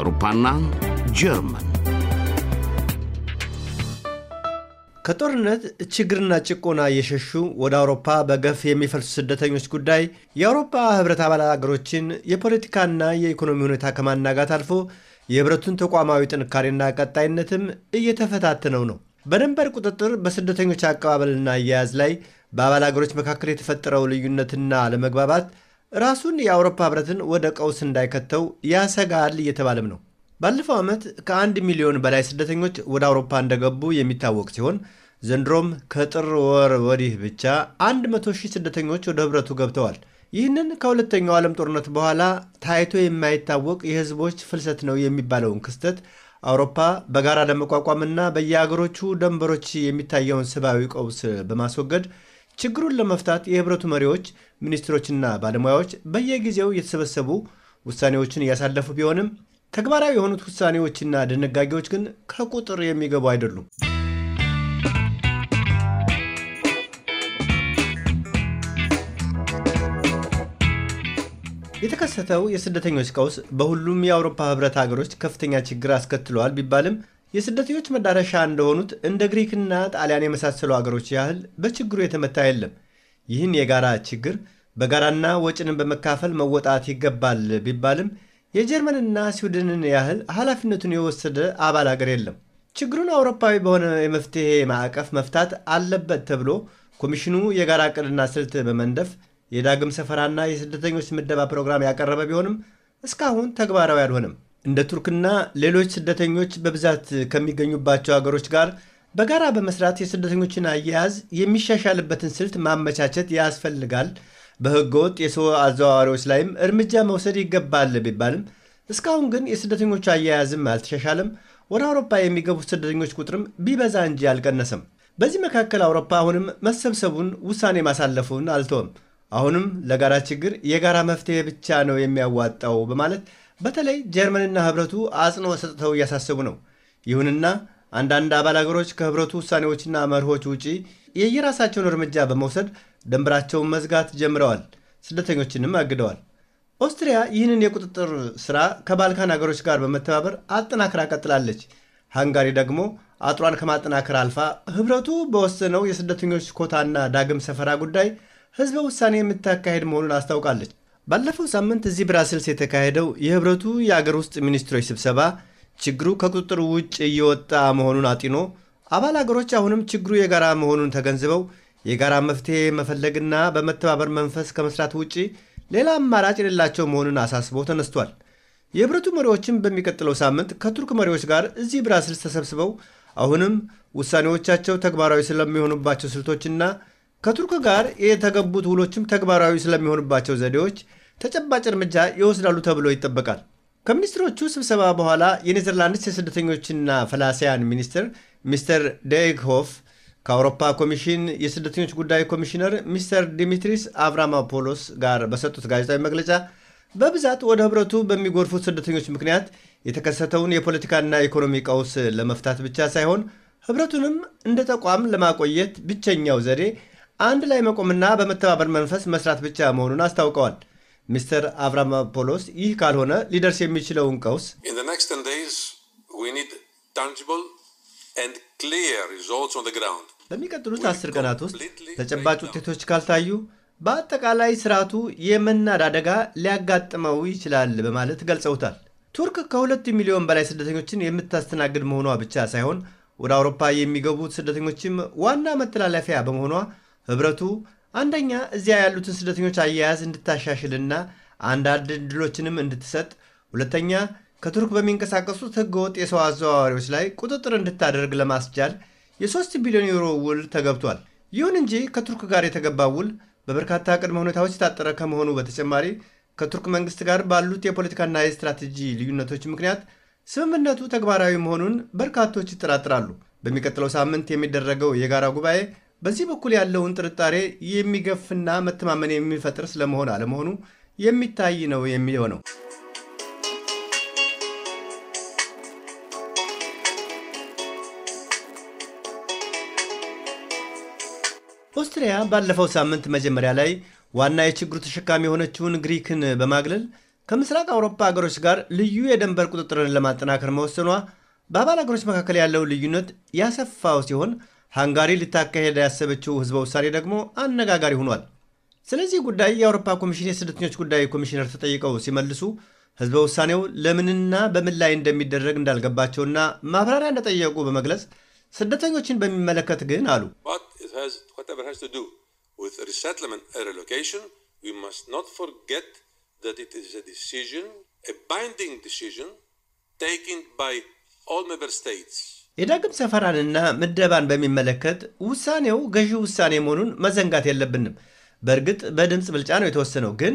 አውሮፓና ጀርመን ከጦርነት ችግርና ጭቆና እየሸሹ ወደ አውሮፓ በገፍ የሚፈልሱ ስደተኞች ጉዳይ የአውሮፓ ህብረት አባል አገሮችን የፖለቲካና የኢኮኖሚ ሁኔታ ከማናጋት አልፎ የህብረቱን ተቋማዊ ጥንካሬና ቀጣይነትም እየተፈታተነው ነው። በድንበር ቁጥጥር፣ በስደተኞች አቀባበልና አያያዝ ላይ በአባል አገሮች መካከል የተፈጠረው ልዩነትና አለመግባባት ራሱን የአውሮፓ ህብረትን ወደ ቀውስ እንዳይከተው ያሰጋል እየተባለም ነው። ባለፈው ዓመት ከአንድ ሚሊዮን በላይ ስደተኞች ወደ አውሮፓ እንደገቡ የሚታወቅ ሲሆን ዘንድሮም ከጥር ወር ወዲህ ብቻ 100 ሺህ ስደተኞች ወደ ህብረቱ ገብተዋል። ይህንን ከሁለተኛው ዓለም ጦርነት በኋላ ታይቶ የማይታወቅ የህዝቦች ፍልሰት ነው የሚባለውን ክስተት አውሮፓ በጋራ ለመቋቋምና በየአገሮቹ ደንበሮች የሚታየውን ሰብአዊ ቀውስ በማስወገድ ችግሩን ለመፍታት የህብረቱ መሪዎች፣ ሚኒስትሮችና ባለሙያዎች በየጊዜው የተሰበሰቡ ውሳኔዎችን እያሳለፉ ቢሆንም ተግባራዊ የሆኑት ውሳኔዎችና ድንጋጌዎች ግን ከቁጥር የሚገቡ አይደሉም። የተከሰተው የስደተኞች ቀውስ በሁሉም የአውሮፓ ህብረት ሀገሮች ከፍተኛ ችግር አስከትለዋል ቢባልም የስደተኞች መዳረሻ እንደሆኑት እንደ ግሪክና ጣሊያን የመሳሰሉ አገሮች ያህል በችግሩ የተመታ የለም። ይህን የጋራ ችግር በጋራና ወጪንን በመካፈል መወጣት ይገባል ቢባልም የጀርመንና ስዊድንን ያህል ኃላፊነቱን የወሰደ አባል አገር የለም። ችግሩን አውሮፓዊ በሆነ የመፍትሄ ማዕቀፍ መፍታት አለበት ተብሎ ኮሚሽኑ የጋራ ዕቅድና ስልት በመንደፍ የዳግም ሰፈራና የስደተኞች ምደባ ፕሮግራም ያቀረበ ቢሆንም እስካሁን ተግባራዊ አልሆነም። እንደ ቱርክና ሌሎች ስደተኞች በብዛት ከሚገኙባቸው ሀገሮች ጋር በጋራ በመስራት የስደተኞችን አያያዝ የሚሻሻልበትን ስልት ማመቻቸት ያስፈልጋል። በህገወጥ የሰው አዘዋዋሪዎች ላይም እርምጃ መውሰድ ይገባል ቢባልም እስካሁን ግን የስደተኞቹ አያያዝም አልተሻሻለም። ወደ አውሮፓ የሚገቡት ስደተኞች ቁጥርም ቢበዛ እንጂ አልቀነሰም። በዚህ መካከል አውሮፓ አሁንም መሰብሰቡን ውሳኔ ማሳለፉን አልተወም። አሁንም ለጋራ ችግር የጋራ መፍትሄ ብቻ ነው የሚያዋጣው በማለት በተለይ ጀርመንና ህብረቱ አጽንኦ ሰጥተው እያሳሰቡ ነው። ይሁንና አንዳንድ አባል አገሮች ከህብረቱ ውሳኔዎችና መርሆች ውጪ የየራሳቸውን እርምጃ በመውሰድ ድንበራቸውን መዝጋት ጀምረዋል። ስደተኞችንም አግደዋል። ኦስትሪያ ይህንን የቁጥጥር ስራ ከባልካን አገሮች ጋር በመተባበር አጠናክራ ቀጥላለች። ሃንጋሪ ደግሞ አጥሯን ከማጠናከር አልፋ ህብረቱ በወሰነው የስደተኞች ኮታና ዳግም ሰፈራ ጉዳይ ህዝበ ውሳኔ የምታካሄድ መሆኑን አስታውቃለች። ባለፈው ሳምንት እዚህ ብራስልስ የተካሄደው የህብረቱ የአገር ውስጥ ሚኒስትሮች ስብሰባ ችግሩ ከቁጥጥር ውጭ እየወጣ መሆኑን አጢኖ አባል አገሮች አሁንም ችግሩ የጋራ መሆኑን ተገንዝበው የጋራ መፍትሄ መፈለግና በመተባበር መንፈስ ከመስራት ውጪ ሌላ አማራጭ የሌላቸው መሆኑን አሳስቦ ተነስቷል። የህብረቱ መሪዎችም በሚቀጥለው ሳምንት ከቱርክ መሪዎች ጋር እዚህ ብራስልስ ተሰብስበው አሁንም ውሳኔዎቻቸው ተግባራዊ ስለሚሆኑባቸው ስልቶችና ከቱርክ ጋር የተገቡት ውሎችም ተግባራዊ ስለሚሆኑባቸው ዘዴዎች ተጨባጭ እርምጃ ይወስዳሉ ተብሎ ይጠበቃል። ከሚኒስትሮቹ ስብሰባ በኋላ የኔዘርላንድስ የስደተኞችና ፈላሲያን ሚኒስትር ሚስተር ደግሆፍ ከአውሮፓ ኮሚሽን የስደተኞች ጉዳይ ኮሚሽነር ሚስተር ዲሚትሪስ አብራማፖሎስ ጋር በሰጡት ጋዜጣዊ መግለጫ በብዛት ወደ ህብረቱ በሚጎርፉት ስደተኞች ምክንያት የተከሰተውን የፖለቲካና ኢኮኖሚ ቀውስ ለመፍታት ብቻ ሳይሆን ህብረቱንም እንደ ተቋም ለማቆየት ብቸኛው ዘዴ አንድ ላይ መቆምና በመተባበር መንፈስ መስራት ብቻ መሆኑን አስታውቀዋል። ሚስተር አብራማፖሎስ ይህ ካልሆነ ሊደርስ የሚችለውን ቀውስ በሚቀጥሉት አስር ቀናት ውስጥ ተጨባጭ ውጤቶች ካልታዩ በአጠቃላይ ስርዓቱ የመናድ አደጋ ሊያጋጥመው ይችላል በማለት ገልጸውታል። ቱርክ ከሁለት ሚሊዮን በላይ ስደተኞችን የምታስተናግድ መሆኗ ብቻ ሳይሆን ወደ አውሮፓ የሚገቡት ስደተኞችም ዋና መተላለፊያ በመሆኗ ህብረቱ አንደኛ እዚያ ያሉትን ስደተኞች አያያዝ እንድታሻሽልና አንዳንድ ዕድሎችንም እንድትሰጥ፣ ሁለተኛ ከቱርክ በሚንቀሳቀሱት ህገወጥ የሰው አዘዋዋሪዎች ላይ ቁጥጥር እንድታደርግ ለማስቻል የሶስት ቢሊዮን ዩሮ ውል ተገብቷል። ይሁን እንጂ ከቱርክ ጋር የተገባ ውል በበርካታ ቅድመ ሁኔታዎች የታጠረ ከመሆኑ በተጨማሪ ከቱርክ መንግስት ጋር ባሉት የፖለቲካና የስትራቴጂ ልዩነቶች ምክንያት ስምምነቱ ተግባራዊ መሆኑን በርካቶች ይጠራጥራሉ። በሚቀጥለው ሳምንት የሚደረገው የጋራ ጉባኤ በዚህ በኩል ያለውን ጥርጣሬ የሚገፍና መተማመን የሚፈጥር ስለመሆን አለመሆኑ የሚታይ ነው የሚሆነው። ኦስትሪያ ባለፈው ሳምንት መጀመሪያ ላይ ዋና የችግሩ ተሸካሚ የሆነችውን ግሪክን በማግለል ከምስራቅ አውሮፓ ሀገሮች ጋር ልዩ የደንበር ቁጥጥርን ለማጠናከር መወሰኗ በአባል ሀገሮች መካከል ያለውን ልዩነት ያሰፋው ሲሆን ሃንጋሪ ልታካሄድ ያሰበችው ህዝበ ውሳኔ ደግሞ አነጋጋሪ ሆኗል። ስለዚህ ጉዳይ የአውሮፓ ኮሚሽን የስደተኞች ጉዳይ ኮሚሽነር ተጠይቀው ሲመልሱ ህዝበ ውሳኔው ለምንና በምን ላይ እንደሚደረግ እንዳልገባቸውና ማብራሪያ እንደጠየቁ በመግለጽ ስደተኞችን በሚመለከት ግን አሉ ሪሴትልመንት የዳግም ሰፈራንና ምደባን በሚመለከት ውሳኔው ገዢ ውሳኔ መሆኑን መዘንጋት የለብንም። በእርግጥ በድምፅ ብልጫ ነው የተወሰነው፣ ግን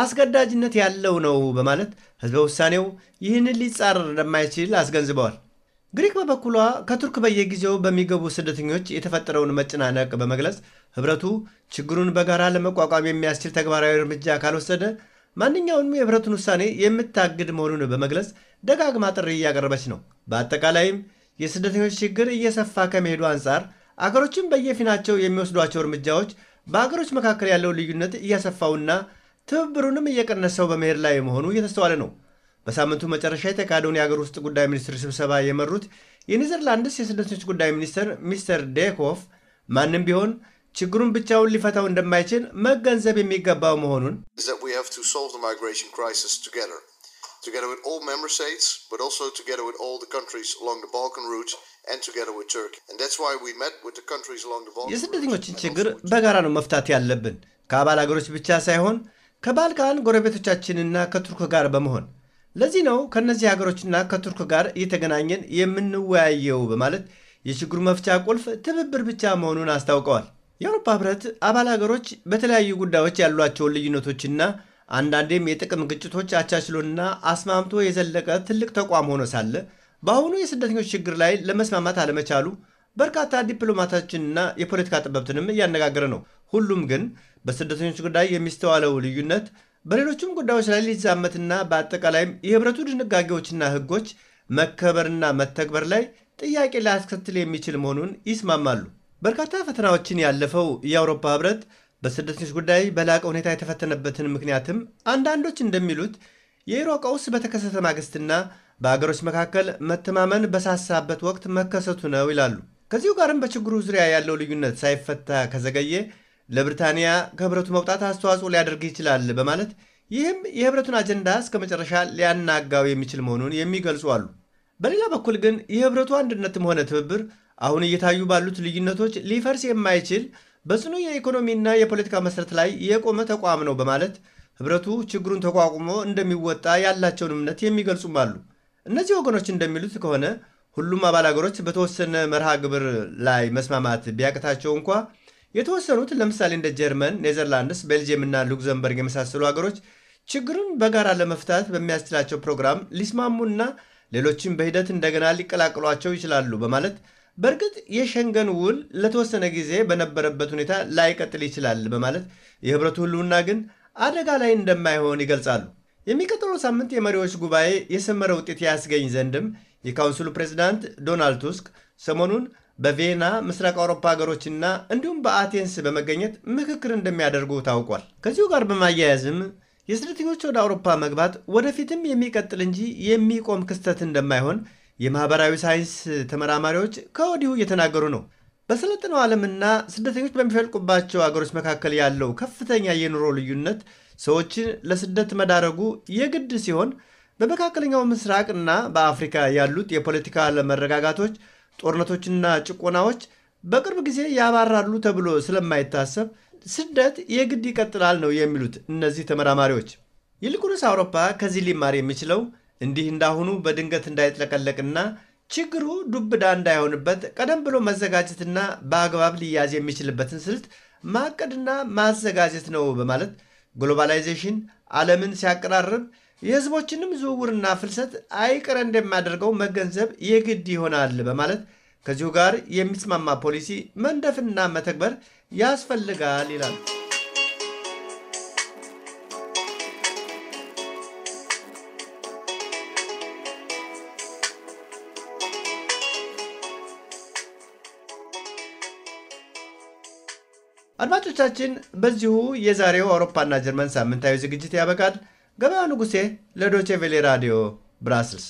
አስገዳጅነት ያለው ነው በማለት ህዝበ ውሳኔው ይህንን ሊጻረር እንደማይችል አስገንዝበዋል። ግሪክ በበኩሏ ከቱርክ በየጊዜው በሚገቡ ስደተኞች የተፈጠረውን መጨናነቅ በመግለጽ ህብረቱ ችግሩን በጋራ ለመቋቋም የሚያስችል ተግባራዊ እርምጃ ካልወሰደ ማንኛውንም የህብረቱን ውሳኔ የምታግድ መሆኑን በመግለጽ ደጋግማ ጥሪ እያቀረበች ነው። በአጠቃላይም የስደተኞች ችግር እየሰፋ ከመሄዱ አንጻር አገሮችን በየፊናቸው የሚወስዷቸው እርምጃዎች በአገሮች መካከል ያለው ልዩነት እያሰፋውና ትብብሩንም እየቀነሰው በመሄድ ላይ መሆኑ እየተስተዋለ ነው። በሳምንቱ መጨረሻ የተካሄደውን የአገር ውስጥ ጉዳይ ሚኒስትር ስብሰባ የመሩት የኔዘርላንድስ የስደተኞች ጉዳይ ሚኒስትር ሚስተር ዴኮፍ ማንም ቢሆን ችግሩን ብቻውን ሊፈታው እንደማይችል መገንዘብ የሚገባው መሆኑን together with all member states, but also together with all the countries along the Balkan route and together with Turkey. And that's why we met with the countries along the Balkan. የስደተኞችን ችግር በጋራ ነው መፍታት ያለብን፣ ከአባል አገሮች ብቻ ሳይሆን ከባልካን ጎረቤቶቻችንና ከቱርክ ጋር በመሆን ለዚህ ነው ከእነዚህ ሀገሮችና ከቱርክ ጋር እየተገናኘን የምንወያየው በማለት የችግሩ መፍቻ ቁልፍ ትብብር ብቻ መሆኑን አስታውቀዋል። የአውሮፓ ህብረት አባል ሀገሮች በተለያዩ ጉዳዮች ያሏቸውን ልዩነቶችና አንዳንዴም የጥቅም ግጭቶች አቻችሎና አስማምቶ የዘለቀ ትልቅ ተቋም ሆኖ ሳለ በአሁኑ የስደተኞች ችግር ላይ ለመስማማት አለመቻሉ በርካታ ዲፕሎማቶችንና የፖለቲካ ጥበብትንም እያነጋገረ ነው። ሁሉም ግን በስደተኞች ጉዳይ የሚስተዋለው ልዩነት በሌሎችም ጉዳዮች ላይ ሊዛመትና በአጠቃላይም የህብረቱ ድንጋጌዎችና ህጎች መከበርና መተግበር ላይ ጥያቄ ሊያስከትል የሚችል መሆኑን ይስማማሉ። በርካታ ፈተናዎችን ያለፈው የአውሮፓ ህብረት በስደተኞች ጉዳይ በላቀ ሁኔታ የተፈተነበትን ምክንያትም አንዳንዶች እንደሚሉት የኢሮ ቀውስ በተከሰተ ማግስትና በአገሮች መካከል መተማመን በሳሳበት ወቅት መከሰቱ ነው ይላሉ። ከዚሁ ጋርም በችግሩ ዙሪያ ያለው ልዩነት ሳይፈታ ከዘገየ ለብሪታንያ ከህብረቱ መውጣት አስተዋጽኦ ሊያደርግ ይችላል በማለት ይህም የህብረቱን አጀንዳ እስከ መጨረሻ ሊያናጋው የሚችል መሆኑን የሚገልጹ አሉ። በሌላ በኩል ግን የህብረቱ አንድነትም ሆነ ትብብር አሁን እየታዩ ባሉት ልዩነቶች ሊፈርስ የማይችል በጽኑ የኢኮኖሚና የፖለቲካ መሰረት ላይ የቆመ ተቋም ነው በማለት ህብረቱ ችግሩን ተቋቁሞ እንደሚወጣ ያላቸውን እምነት የሚገልጹም አሉ። እነዚህ ወገኖች እንደሚሉት ከሆነ ሁሉም አባል አገሮች በተወሰነ መርሃ ግብር ላይ መስማማት ቢያቅታቸው እንኳ የተወሰኑት ለምሳሌ እንደ ጀርመን፣ ኔዘርላንድስ፣ ቤልጅየም እና ሉክዘምበርግ የመሳሰሉ አገሮች ችግሩን በጋራ ለመፍታት በሚያስችላቸው ፕሮግራም ሊስማሙና ሌሎችም በሂደት እንደገና ሊቀላቅሏቸው ይችላሉ በማለት በእርግጥ የሸንገን ውል ለተወሰነ ጊዜ በነበረበት ሁኔታ ላይቀጥል ይችላል በማለት የህብረቱ ህልውና ግን አደጋ ላይ እንደማይሆን ይገልጻሉ። የሚቀጥለው ሳምንት የመሪዎች ጉባኤ የሰመረ ውጤት ያስገኝ ዘንድም የካውንስሉ ፕሬዚዳንት ዶናልድ ቱስክ ሰሞኑን በቪየና ምስራቅ አውሮፓ ሀገሮችና እንዲሁም በአቴንስ በመገኘት ምክክር እንደሚያደርጉ ታውቋል። ከዚሁ ጋር በማያያዝም የስደተኞች ወደ አውሮፓ መግባት ወደፊትም የሚቀጥል እንጂ የሚቆም ክስተት እንደማይሆን የማህበራዊ ሳይንስ ተመራማሪዎች ከወዲሁ እየተናገሩ ነው። በሰለጠነው ዓለምና ስደተኞች በሚፈልቁባቸው አገሮች መካከል ያለው ከፍተኛ የኑሮ ልዩነት ሰዎችን ለስደት መዳረጉ የግድ ሲሆን በመካከለኛው ምስራቅና በአፍሪካ ያሉት የፖለቲካ አለመረጋጋቶች፣ ጦርነቶችና ጭቆናዎች በቅርብ ጊዜ ያባራሉ ተብሎ ስለማይታሰብ ስደት የግድ ይቀጥላል ነው የሚሉት እነዚህ ተመራማሪዎች። ይልቁንስ አውሮፓ ከዚህ ሊማር የሚችለው እንዲህ እንዳሁኑ በድንገት እንዳይጥለቀለቅና ችግሩ ዱብዳ እንዳይሆንበት ቀደም ብሎ መዘጋጀትና በአግባብ ሊያዝ የሚችልበትን ስልት ማቀድና ማዘጋጀት ነው በማለት ግሎባላይዜሽን ዓለምን ሲያቀራርብ የህዝቦችንም ዝውውርና ፍልሰት አይቀረ እንደሚያደርገው መገንዘብ የግድ ይሆናል በማለት ከዚሁ ጋር የሚስማማ ፖሊሲ መንደፍና መተግበር ያስፈልጋል ይላል። አድማጮቻችን፣ በዚሁ የዛሬው አውሮፓና ጀርመን ሳምንታዊ ዝግጅት ያበቃል። ገበያው ንጉሴ ለዶቼ ቬሌ ራዲዮ ብራስልስ